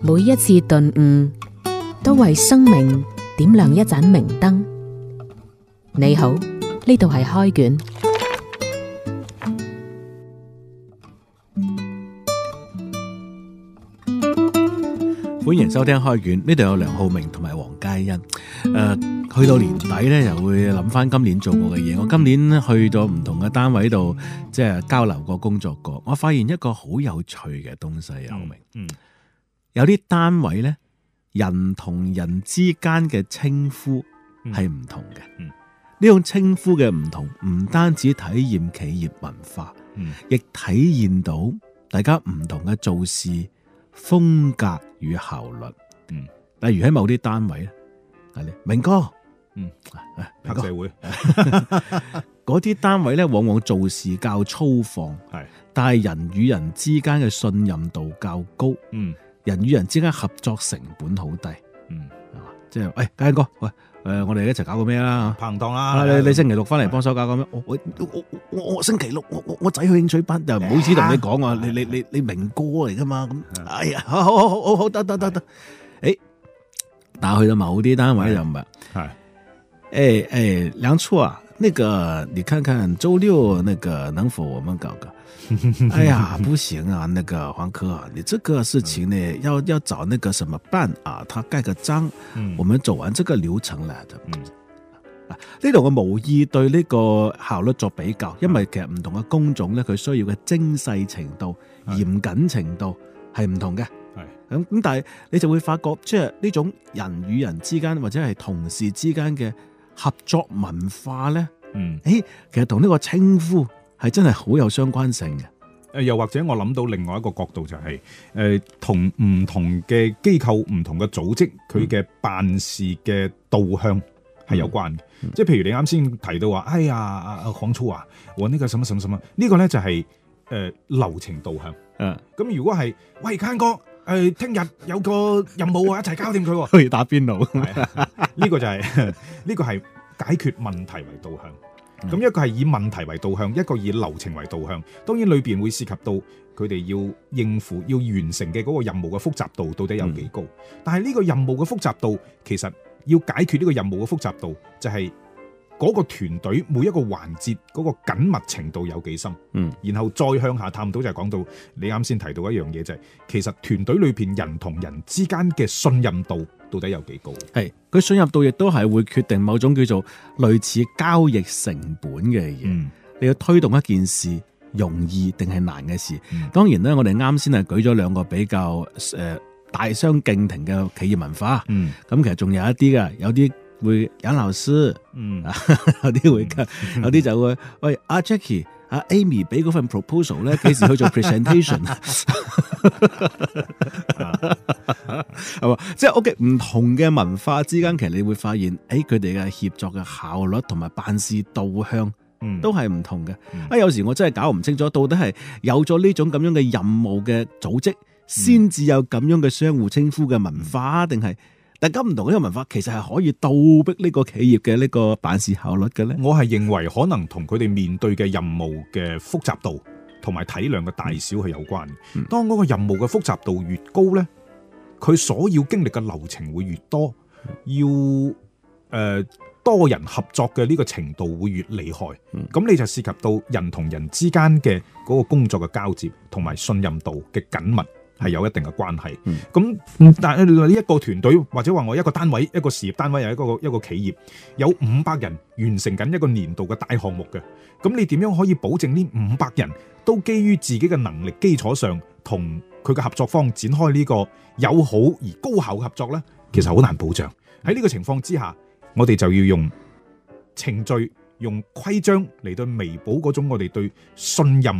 每一次頓悟，都為生命點亮一盞明燈。你好，呢度係開卷，歡迎收聽開卷。呢度有梁浩明同埋王。人誒、嗯呃，去到年底咧，又會諗翻今年做過嘅嘢。我今年去到唔同嘅單位度，即係交流過工作過。我發現一個好有趣嘅東西啊！我明，嗯嗯、有啲單位咧，人同人之間嘅稱呼係唔同嘅。呢、嗯嗯、種稱呼嘅唔同，唔單止體驗企業文化，亦、嗯、體驗到大家唔同嘅做事風格與效率。嗯，例如喺某啲單位咧。明哥，嗯，黑社會嗰啲單位咧，往往做事較粗放，係，但係人與人之間嘅信任度較高，嗯，人與人之間合作成本好低，嗯，即係，喂，家英哥，喂，誒，我哋一齊搞過咩啦？拍檔啦，你星期六翻嚟幫手搞咁樣，我我我我星期六我我我仔去興趣班，又唔好意思同你講啊，你你你你明哥嚟噶嘛，咁，哎呀，好好好好好，得得得得。打去咗某啲單位，又唔係。係、哎，誒、哎、誒，梁處啊，那個你看看周六那個能否我們搞個？ 哎呀，不行啊，那個黃科，你這個事情呢，嗯、要要找那個什麼辦啊，他蓋個章，嗯、我們走完這個流程啦。嗯、這的嗱，呢度我無意對呢個效率作比較，嗯、因為其實唔同嘅工種咧，佢需要嘅精細程度、嗯、嚴謹程度係唔同嘅。咁咁，但係你就會發覺，即係呢種人與人之間或者係同事之間嘅合作文化咧，嗯，誒，其實同呢個稱呼係真係好有相關性嘅。誒，又或者我諗到另外一個角度就係、是，誒、呃，同唔同嘅機構、唔同嘅組織佢嘅辦事嘅導向係有關嘅。即係、嗯嗯、譬如你啱先提到話，哎呀，阿講粗啊，我、啊、呢、啊啊這個什麼什麼什麼，呢、這個咧就係、是、誒、呃、流程導向。嗯，咁如果係喂，坑哥。誒，聽日有個任務啊，一齊搞掂佢喎。不如打邊爐，呢個就係，呢個係解決問題為導向。咁一個係以問題為導向，一個以流程為導向。當然裏邊會涉及到佢哋要應付、要完成嘅嗰個任務嘅複雜度到底有幾高。但係呢個任務嘅複雜度，其實要解決呢個任務嘅複雜度，就係。嗰個團隊每一個環節嗰個緊密程度有幾深？嗯，然後再向下探討就係講到你啱先提到一樣嘢就係，其實團隊裏面人同人之間嘅信任度到底有幾高？係，佢信任度亦都係會決定某種叫做類似交易成本嘅嘢。嗯、你要推動一件事容易定係難嘅事？嗯、當然咧，我哋啱先係舉咗兩個比較、呃、大相徑庭嘅企業文化。嗯，咁其實仲有一啲嘅，有啲。會引老師，嗯，啊、有啲會，嗯、有啲就會，喂，阿、啊、Jacky，阿、啊、Amy 俾嗰份 proposal 咧，幾時去做 presentation 啊？係、啊啊、即係屋企，唔同嘅文化之間，其實你會發現，誒、哎，佢哋嘅協作嘅效率同埋辦事導向都是不，都係唔同嘅。啊，有時候我真係搞唔清楚，到底係有咗呢種咁樣嘅任務嘅組織，先至有咁樣嘅相互稱呼嘅文化，定係、嗯？大家唔同呢個文化，其實係可以倒逼呢個企業嘅呢個辦事效率嘅咧。我係認為可能同佢哋面對嘅任務嘅複雜度同埋體量嘅大小係有關。當嗰個任務嘅複雜度越高咧，佢所要經歷嘅流程會越多，要誒多人合作嘅呢個程度會越厲害。咁你就涉及到人同人之間嘅嗰個工作嘅交接同埋信任度嘅緊密。係有一定嘅關係，咁但係你一個團隊或者話我一個單位一個事業單位，又一個一個企業有五百人完成緊一個年度嘅大項目嘅，咁你點樣可以保證呢五百人都基於自己嘅能力基礎上，同佢嘅合作方展開呢個友好而高效嘅合作呢？其實好難保障。喺呢個情況之下，我哋就要用程序、用規章嚟對彌補嗰種我哋對信任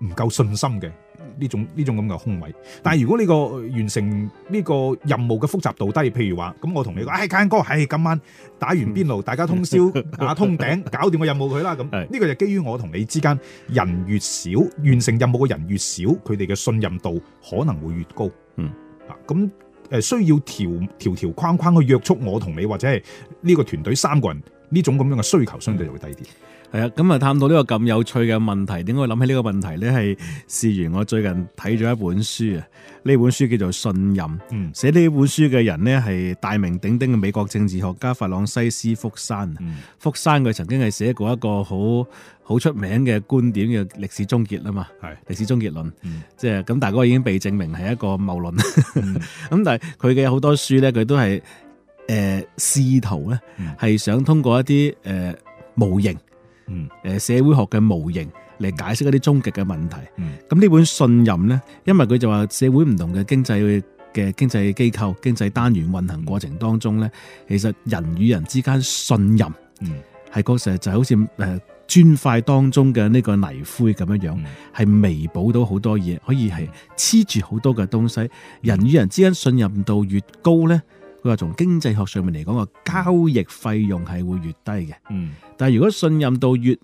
唔夠信心嘅。呢種呢種咁嘅空位，但係如果呢、這個完成呢個任務嘅複雜度低，譬如話咁，我同你講，哎，家欣哥，唉、哎，今晚打完邊爐，嗯、大家通宵打通頂，嗯、搞掂個任務佢啦，咁，呢、嗯、個就基於我同你之間人越少，完成任務嘅人越少，佢哋嘅信任度可能會越高，嗯，啊，咁誒、呃、需要條條條框框去約束我同你或者係呢個團隊三個人呢種咁樣嘅需求相對就會低啲。係啊，咁啊，探到呢個咁有趣嘅問題，點解會諗起呢個問題咧？係事緣我最近睇咗一本書啊，呢本書叫做《信任》。寫呢、嗯、本書嘅人呢係大名鼎鼎嘅美國政治學家法朗西斯福山。嗯、福山佢曾經係寫過一個好好出名嘅觀點嘅歷史終結啊嘛，係歷是史終結論，即係咁，就是、大家已經被證明係一個謬論。咁、嗯、 但係佢嘅好多書咧，佢都係誒試圖咧，係、嗯、想通過一啲誒模型。呃嗯，誒，社會學嘅模型嚟解釋一啲終極嘅問題。嗯，咁呢本信任咧，因為佢就話社會唔同嘅經濟嘅經濟機構、經濟單元運行過程當中咧，嗯、其實人與人之間信任，嗯，係確實就係好似誒磚塊當中嘅呢個泥灰咁一樣，係彌補到好多嘢，可以係黐住好多嘅東西。人與人之間信任度越高咧。佢話從經濟學上面嚟講，個交易費用係會越低嘅，嗯、但係如果信任度越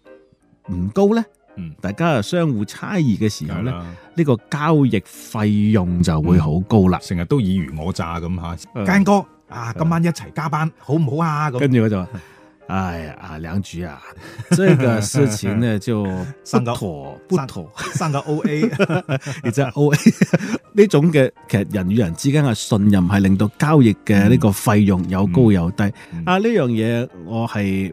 唔高咧，嗯、大家啊相互猜疑嘅時候咧，呢個交易費用就會好高啦。成日、嗯、都以虞我詐咁吓，堅、呃、哥啊，今晚一齊加班、呃、好唔好啊？咁跟住佢就話。呵呵哎呀，梁局啊，所以 個事情呢就不妥，三個不妥，上三個 O A，你 知 O A 呢種嘅，其實人與人之間嘅信任係令到交易嘅呢個費用有高有低。嗯嗯、啊，呢樣嘢我係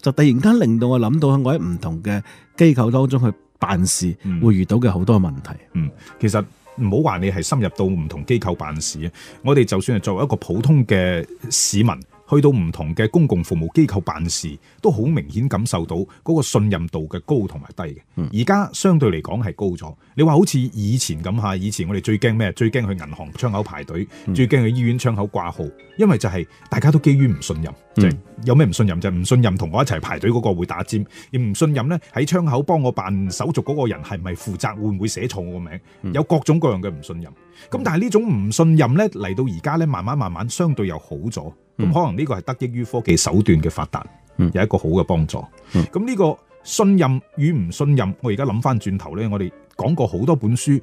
就突然間令到我諗到，我喺唔同嘅機構當中去辦事，會遇到嘅好多問題。嗯，其實唔好話你係深入到唔同機構辦事，我哋就算係作為一個普通嘅市民。去到唔同嘅公共服務機構辦事，都好明顯感受到嗰個信任度嘅高同埋低嘅。而家相對嚟講係高咗。你話好似以前咁吓，以前我哋最驚咩？最驚去銀行窗口排隊，最驚去醫院窗口掛號，因為就係大家都基於唔信任。即有咩唔信任？就係唔信任同我一齊排隊嗰個會打尖，亦唔信任咧喺窗口幫我辦手續嗰個人係咪負責，會唔會寫錯我個名？嗯、有各種各樣嘅唔信任。咁、嗯、但係呢種唔信任咧，嚟到而家咧慢慢慢慢相對又好咗。咁、嗯、可能呢個係得益於科技手段嘅發達，嗯、有一個好嘅幫助。咁呢、嗯嗯、個信任與唔信任，我而家諗翻轉頭咧，我哋講過好多本書，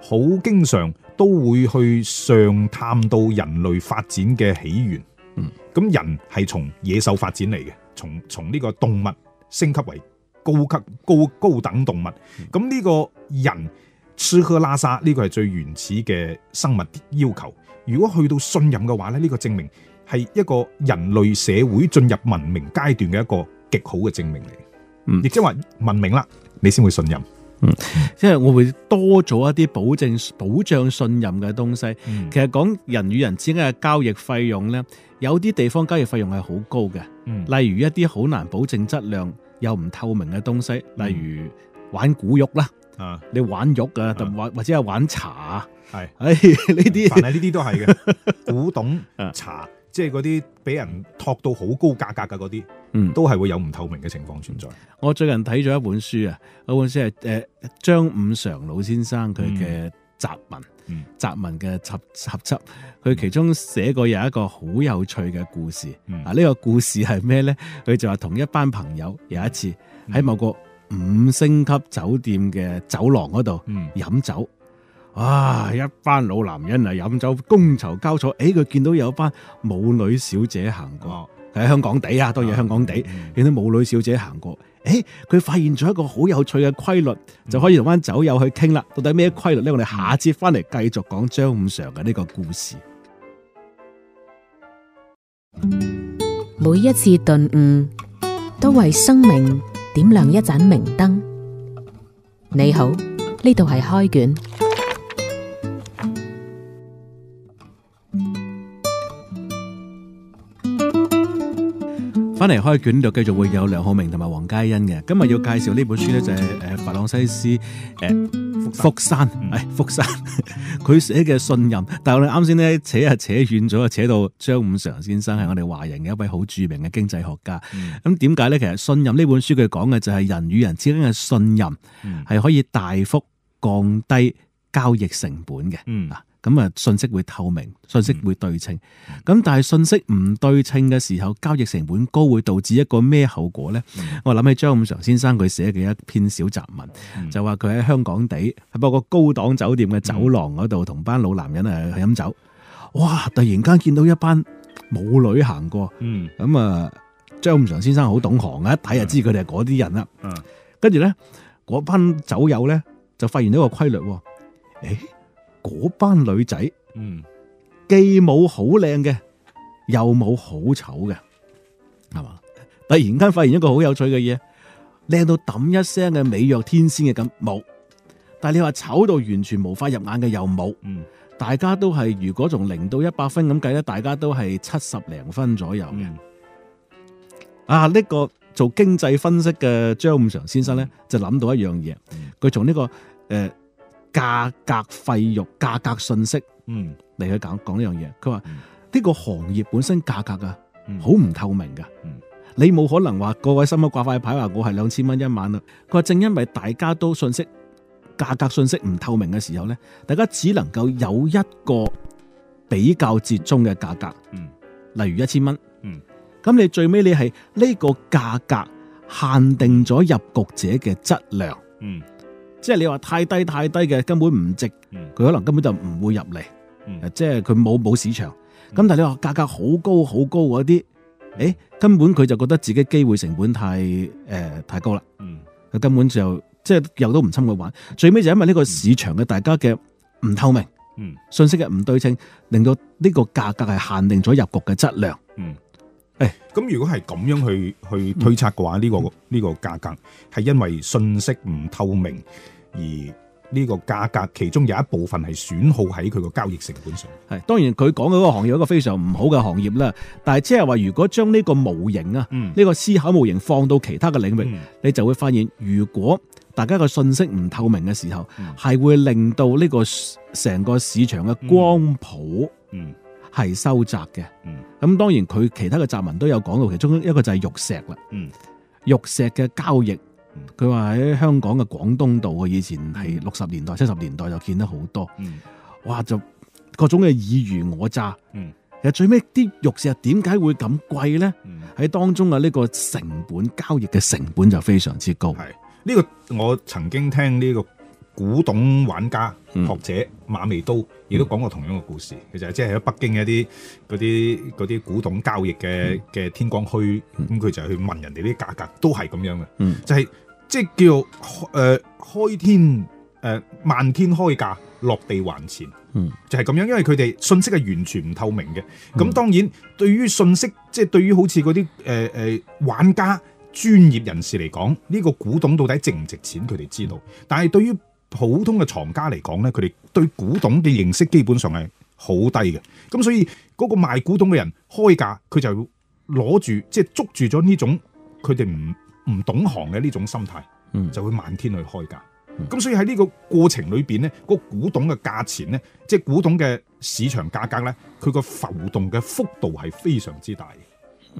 好經常都會去上探到人類發展嘅起源。咁、嗯、人係從野獸發展嚟嘅，從從呢個動物升級為高級高高等動物。咁呢、嗯、個人吃喝拉撒呢、這個係最原始嘅生物要求。如果去到信任嘅話咧，呢、這個證明係一個人類社會進入文明階段嘅一個極好嘅證明嚟。嗯，亦即係話文明啦，你先會信任。嗯，即係我會多咗一啲保證保障信任嘅東西。嗯、其實講人與人之間嘅交易費用咧。有啲地方交易費用係好高嘅，例如一啲好難保證質量又唔透明嘅東西，嗯、例如玩古玉啦，嗯、你玩玉啊，或、嗯、或者係玩茶，係，唉，呢啲凡係呢啲都係嘅 古董、嗯、茶，即係嗰啲俾人托到好高價格嘅嗰啲，嗯，都係會有唔透明嘅情況存在、嗯。我最近睇咗一本書啊，一本書係誒張五常老先生佢嘅雜文，雜、嗯嗯、文嘅集集輯。佢其中寫過有一個好有趣嘅故事，啊呢、嗯、個故事係咩呢？佢就話同一班朋友有一次喺某個五星級酒店嘅走廊嗰度飲酒，嗯、哇！一班老男人啊飲酒觥籌交錯，誒佢見到有一班舞女小姐行過，喺、哦、香港地啊，當然香港地見、啊、到舞女小姐行過，誒佢發現咗一個好有趣嘅規律，嗯、就可以同班酒友去傾啦。到底咩規律呢？嗯、我哋下節翻嚟繼續講張五常嘅呢個故事。每一次頓悟，都為生命點亮一盞明燈。你好，呢度係開卷。翻嚟開卷就繼續會有梁浩明同埋黃嘉欣嘅，今日要介紹呢本書呢，就係誒，法朗西斯誒。呃福山，係福山，佢寫嘅信任。但係我哋啱先咧扯啊扯遠咗，扯到張五常先生係我哋華人嘅一位好著名嘅經濟學家。咁點解咧？其實信任呢本書佢講嘅就係人與人之間嘅信任，係、嗯、可以大幅降低交易成本嘅。嗯。咁啊，信息會透明，信息會對稱。咁、嗯、但係信息唔對稱嘅時候，交易成本高，會導致一個咩後果咧？嗯、我諗起張五常先生佢寫嘅一篇小雜文，嗯、就話佢喺香港地，喺個高檔酒店嘅走廊嗰度，同、嗯、班老男人啊去飲酒。哇！突然間見到一班舞女行過，咁、嗯、啊，張五常先生好懂行啊，一睇就知佢哋係嗰啲人啦。跟住咧，嗰、嗯、班酒友咧就發現咗一個規律，誒、欸。嗰班女仔，嗯，既冇好靚嘅，又冇好醜嘅，係嘛吧？突然間發現一個好有趣嘅嘢，靚到抌一聲嘅美若天仙嘅咁冇，但係你話醜到完全無法入眼嘅又冇。嗯大，大家都係如果從零到一百分咁計咧，大家都係七十零分左右嘅。嗯、啊，呢、這個做經濟分析嘅張五常先生咧，就諗到一樣嘢，佢從呢個誒。呃價格費用、價格信息，嗯，嚟去講講呢樣嘢。佢話呢個行業本身價格啊，好唔透明㗎。嗯嗯、你冇可能話各位心一掛塊牌話我係兩千蚊一晚啦。佢話正因為大家都信息價格信息唔透明嘅時候咧，大家只能夠有一個比較折中嘅價格，嗯，例如一千蚊，嗯，咁你最尾你係呢個價格限定咗入局者嘅質量，嗯。即係你話太低太低嘅根本唔值，佢、嗯、可能根本就唔會入嚟，嗯、即係佢冇冇市場。咁、嗯、但係你話價格好高好高嗰啲，誒、嗯欸、根本佢就覺得自己機會成本太誒、呃、太高啦，佢、嗯、根本就即係又都唔侵佢玩。最尾就因為呢個市場嘅大家嘅唔透明，嗯、信息嘅唔對稱，令到呢個價格係限定咗入局嘅質量。誒、嗯，咁、欸、如果係咁樣去去推測嘅話，呢、嗯這個呢、這個價格係因為信息唔透明。而呢個價格其中有一部分係損耗喺佢個交易成本上。係，當然佢講嘅嗰個行業一個非常唔好嘅行業啦。但係即係話如果將呢個模型啊，呢、嗯、個思考模型放到其他嘅領域，嗯、你就會發現，如果大家嘅信息唔透明嘅時候，係、嗯、會令到呢個成個市場嘅光譜嗯，係收窄嘅。咁當然佢其他嘅雜文都有講到，其中一個就係玉石啦。嗯，玉石嘅交易。佢話喺香港嘅廣東道啊，以前係六十年代、七十年代就見得好多，嗯、哇！就各種嘅爾虞我詐，嗯、其實最尾啲玉器點解會咁貴呢？喺、嗯、當中嘅呢個成本交易嘅成本就非常之高。係呢、呢個我曾經聽呢個古董玩家、嗯、學者馬未都亦都講過同樣嘅故事，其實即係喺北京嘅一啲啲啲古董交易嘅嘅、嗯、天光墟，咁佢、嗯、就去問人哋啲價格，都係咁樣嘅，嗯、就係、是。即係叫誒、呃、開天誒、呃、漫天開價落地還錢，嗯，就係咁樣，因為佢哋信息係完全唔透明嘅。咁當然、嗯、對於信息，即、就、係、是、對於好似嗰啲誒誒玩家專業人士嚟講，呢、這個古董到底值唔值錢，佢哋知道。但係對於普通嘅藏家嚟講咧，佢哋對古董嘅認識基本上係好低嘅。咁所以嗰個賣古董嘅人開價，佢就攞住即係捉住咗呢種，佢哋唔。唔懂行嘅呢種心態，嗯，就會漫天去開價。咁、嗯、所以喺呢個過程裏邊，呢、呢個古董嘅價錢呢，即、係、古董嘅市場價格呢，佢個浮動嘅幅度係非常之大。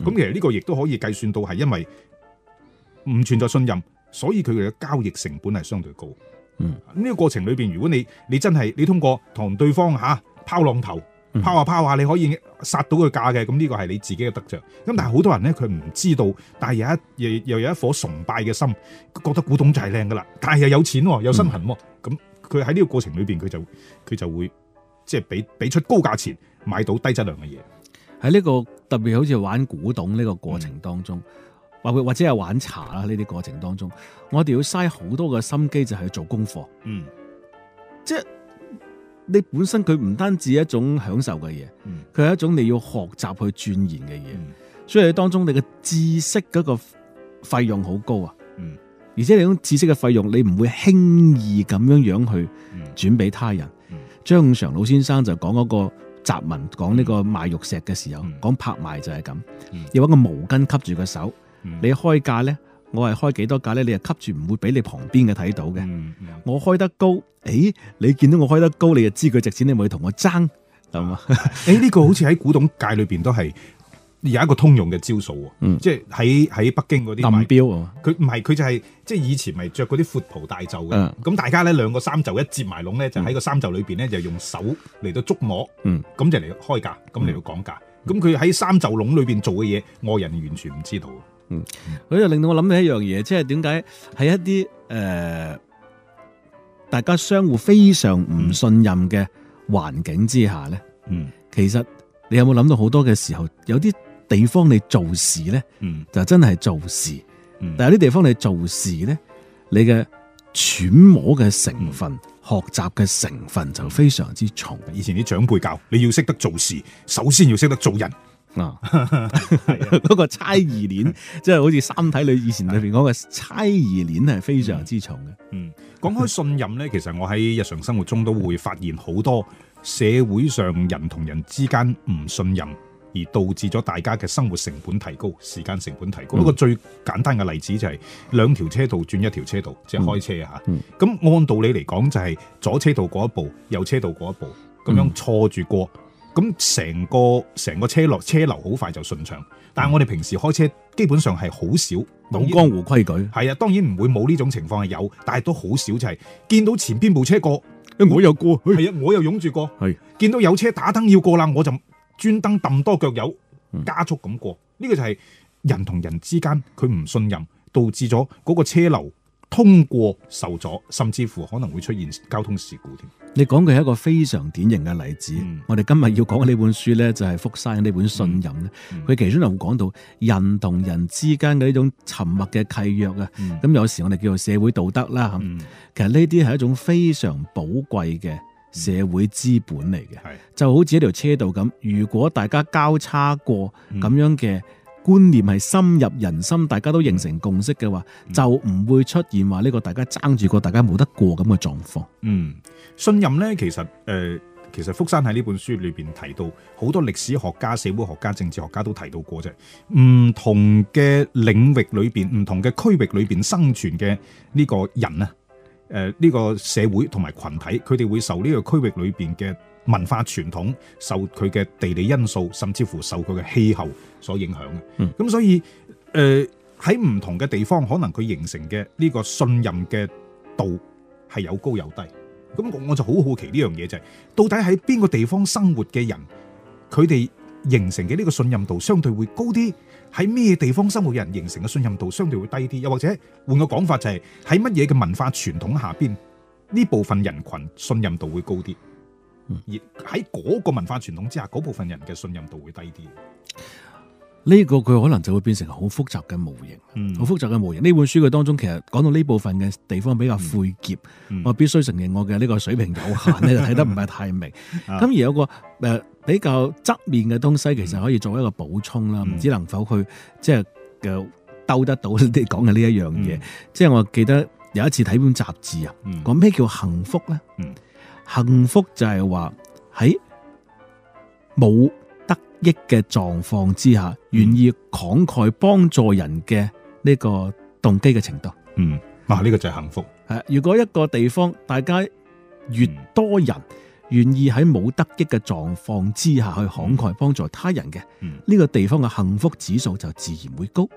咁、嗯、其實呢個亦都可以計算到，係因為唔存在信任，所以佢哋嘅交易成本係相對高。嗯，呢個過程裏邊，如果你你真係你通過同對方嚇拋、啊、浪頭。拋下拋下，你可以殺到佢價嘅，咁呢個係你自己嘅得著。咁但係好多人咧，佢唔知道，但係有一又又有一顆崇拜嘅心，覺得古董就係靚㗎喇。但係又有錢喎，有身痕喎，咁佢喺呢個過程裏邊，佢就佢就會即係俾俾出高價錢買到低質量嘅嘢。喺呢個特別好似玩古董呢個過程當中，或或、嗯、或者係玩茶啦呢啲過程當中，我哋要嘥好多嘅心機，就係做功課。嗯，即係。你本身佢唔單止係一種享受嘅嘢，佢係、嗯、一種你要學習去鑽研嘅嘢，嗯、所以當中你嘅知識嗰個費用好高啊，嗯、而且你種知識嘅費用你唔會輕易咁樣樣去轉俾他人。嗯嗯、張五常老先生就講嗰個雜文，嗯、講呢個賣玉石嘅時候，嗯、講拍賣就係咁，嗯、要一個毛巾吸住個手，嗯、你開價咧。我係開幾多價咧？你又吸住唔會俾你旁邊嘅睇到嘅。嗯嗯、我開得高，誒、欸，你見到我開得高，你就知佢值錢，你咪同我爭，係嘛？誒，呢個好似喺古董界裏面都係有一個通用嘅招數喎。即係喺喺北京嗰啲，掟錶啊！佢唔係佢就係即係以前咪着嗰啲闊袍大袖嘅。咁、嗯、大家咧兩個衫袖一接埋籠咧，就喺個衫袖裏面咧就用手嚟到捉摸，咁、嗯、就嚟開價，咁嚟到講價。咁佢喺衫袖籠裏邊做嘅嘢，外人完全唔知道。嗯，佢、嗯、又令到我諗起一樣嘢，即係點解喺一啲誒、呃，大家相互非常唔信任嘅環境之下咧、嗯，嗯，其實你有冇諗到好多嘅時候，有啲地方你做事咧，就真係做事，嗯嗯、但係有啲地方你做事咧，你嘅揣摩嘅成分、嗯、學習嘅成分就非常之重。以前啲長輩教你要識得做事，首先要識得做人。嗱，嗰個猜疑鏈，即係的好似《三體》裏以前裏邊嗰個猜疑鏈，係非常之重嘅、嗯。嗯，講開信任呢， 其實我喺日常生活中都會發現好多社會上人同人之間唔信任，而導致咗大家嘅生活成本提高，時間成本提高。不過、嗯、最簡單嘅例子就係兩條車道轉一條車道，即、就、係、是、開車啊咁、嗯嗯、按道理嚟講就係左車道過一步，右車道過一步，咁樣錯住過。嗯咁成個成個車落車流好快就順暢，但係我哋平時開車基本上係好少老、嗯、表江湖規矩，係啊，當然唔會冇呢種情況係有，但係都好少就係、是、見到前邊部車過，我，我又過去，係啊，我又擁住過，係是見到有車打燈要過啦，我就專登揼多腳油加速咁過，呢、嗯、個就係人同人之間佢唔信任，導致咗嗰個車流通過受阻，甚至乎可能會出現交通事故添。你講嘅係一個非常典型嘅例子。嗯、我哋今日要講嘅呢本書咧，就係《福山》呢本《信任》咧。佢、嗯嗯、其中又講到人同人之間嘅呢種沉默嘅契約啊。咁、嗯、有時我哋叫做社會道德啦。嗯、其實呢啲係一種非常寶貴嘅社會資本嚟嘅。嗯、就好似一條車道咁，如果大家交叉過咁樣嘅。嗯嗯觀念係深入人心，大家都形成共識嘅話，就唔會出現話呢個大家爭住過，大家冇得過咁嘅狀況。嗯，信任呢，其實誒、呃，其實福山喺呢本書裏邊提到好多歷史學家、社會學家、政治學家都提到過啫，唔同嘅領域裏邊、唔同嘅區域裏邊生存嘅呢個人啊。誒呢個社會同埋群體，佢哋會受呢個區域裏邊嘅文化傳統、受佢嘅地理因素，甚至乎受佢嘅氣候所影響嘅。咁、嗯、所以誒喺唔同嘅地方，可能佢形成嘅呢個信任嘅度係有高有低。咁我我就好好奇呢樣嘢就係、是，到底喺邊個地方生活嘅人，佢哋。形成嘅呢個信任度相對會高啲，喺咩地方生活嘅人形成嘅信任度相對會低啲，又或者換個講法就係喺乜嘢嘅文化傳統下邊，呢部分人群信任度會高啲，而喺嗰個文化傳統之下，嗰部分人嘅信任度會低啲。呢個佢可能就會變成好複雜嘅模型，好、嗯、複雜嘅模型。呢本書佢當中其實講到呢部分嘅地方比較晦澀，嗯、我必須承認我嘅呢個水平有限，呢、嗯、就睇得唔係太明。咁、 啊、而有個誒。呃比較側面嘅東西其實可以做一個補充啦，唔、嗯、知能否去即係嘅兜得到你講嘅呢一樣嘢。即係、嗯、我記得有一次睇本雜誌啊，講咩、嗯、叫幸福咧？嗯、幸福就係話喺冇得益嘅狀況之下，嗯、願意慷慨幫助人嘅呢個動機嘅程度。嗯，嗱、啊、呢、呢個就係幸福。係，如果一個地方大家越多人，嗯願意喺冇得益嘅狀況之下去慷慨幫助他人嘅，呢個地方嘅幸福指數就自然會高。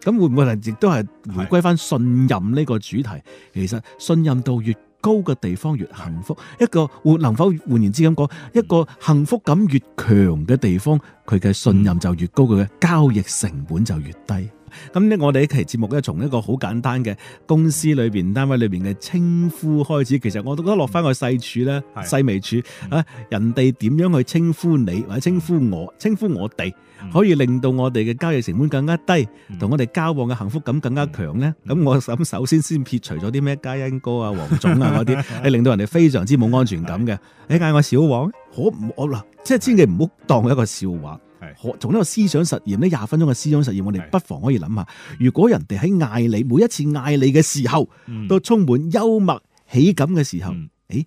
咁會唔會係？亦都係回歸返信任呢個主題。其實信任度越高嘅地方越幸福。一個會能否換言之咁講，一個幸福感越強嘅地方，佢嘅信任就越高，佢嘅交易成本就越低。咁呢，我哋一期節目咧，從一個好簡單嘅公司裏邊、單位裏邊嘅稱呼開始。其實我都覺得落翻個細處咧、的細微處、嗯、啊，人哋點樣去稱呼你，嗯、或者稱呼我、稱呼我哋，嗯、可以令到我哋嘅交易成本更加低，同、嗯、我哋交往嘅幸福感更加強咧。咁、嗯、我諗首先先撇除咗啲咩嘉欣哥啊、黃總啊嗰啲，誒 令到人哋非常之冇安全感嘅。的你嗌我小王，好唔好啦？即係的千祈唔好當一個笑話。可從呢個思想實驗呢，廿分鐘嘅思想實驗，我哋不妨可以諗下，如果人哋喺嗌，你每一次嗌你嘅時候，都充滿幽默喜感嘅時候，誒、嗯欸，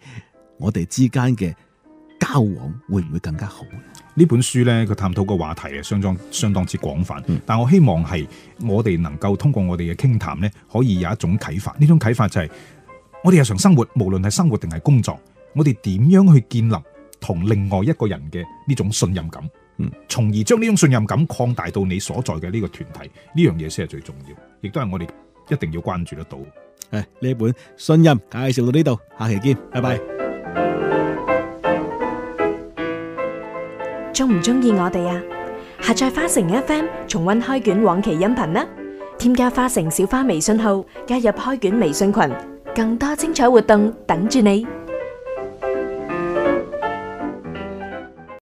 我哋之間嘅交往會唔會更加好咧？呢本書咧，佢探討嘅話題啊，相當相當之廣泛。但我希望係我哋能夠通過我哋嘅傾談咧，可以有一種啟發。呢種啟發就係、是、我哋日常生活，無論係生活定係工作，我哋點樣去建立同另外一個人嘅呢種信任感？從而將呢種信任感擴大到你所在嘅呢個團體，呢樣嘢先係最重要，亦都係我哋一定要關注得到。誒，呢本信任介紹到呢度，下期見，拜拜。中唔中意我哋啊？下載花城 FM 重温開卷往期音頻啦，添加花城小花微信號，加入開卷微信群，更多精彩活動等住你。